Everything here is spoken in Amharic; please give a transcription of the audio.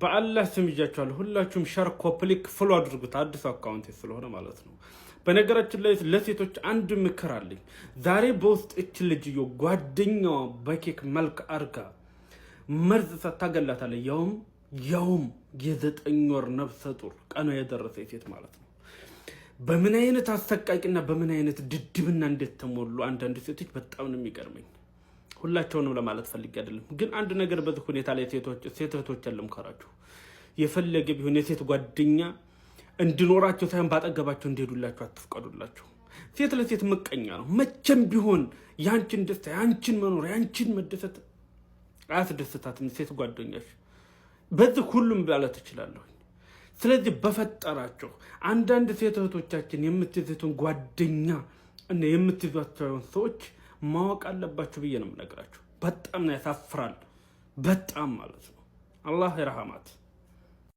በአላህ ስም ይዣችኋለሁ ሁላችሁም ሸር ኮፕሊክ ፍሎ አድርጉት፣ አዲስ አካውንት ስለሆነ ማለት ነው። በነገራችን ላይ ለሴቶች አንድ ምክር አለኝ። ዛሬ በውስጥ እች ልጅዮ ጓደኛዋ በኬክ መልክ አርጋ መርዝ ሰታገላታለ። ያውም ያውም የዘጠኝ ወር ነብሰ ጡር ቀኗ የደረሰ ሴት ማለት ነው። በምን አይነት አሰቃቂና በምን አይነት ድድብና እንደተሞሉ አንዳንድ ሴቶች በጣም ነው የሚገርመኝ። ሁላቸውንም ለማለት ፈልግ አይደለም። ግን አንድ ነገር በዚህ ሁኔታ ላይ ሴት እህቶች የለም የፈለገ ቢሆን የሴት ጓደኛ እንዲኖራቸው ሳይሆን ባጠገባቸው እንዲሄዱላቸው አትፍቀዱላቸው። ሴት ለሴት ምቀኛ ነው። መቼም ቢሆን የአንችን ደስታ የአንችን መኖር የአንችን መደሰት አያስደስታትም ሴት ጓደኛሽ። በዚህ ሁሉም ማለት እችላለሁ። ስለዚህ በፈጠራቸው አንዳንድ ሴት እህቶቻችን የምትይዙትን ጓደኛ እና የምትይዟቸውን ሰዎች ማወቅ አለባችሁ ብዬ ነው የምነግራችሁ። በጣም ነው ያሳፍራል። በጣም ማለት ነው። አላህ ይርሃማት።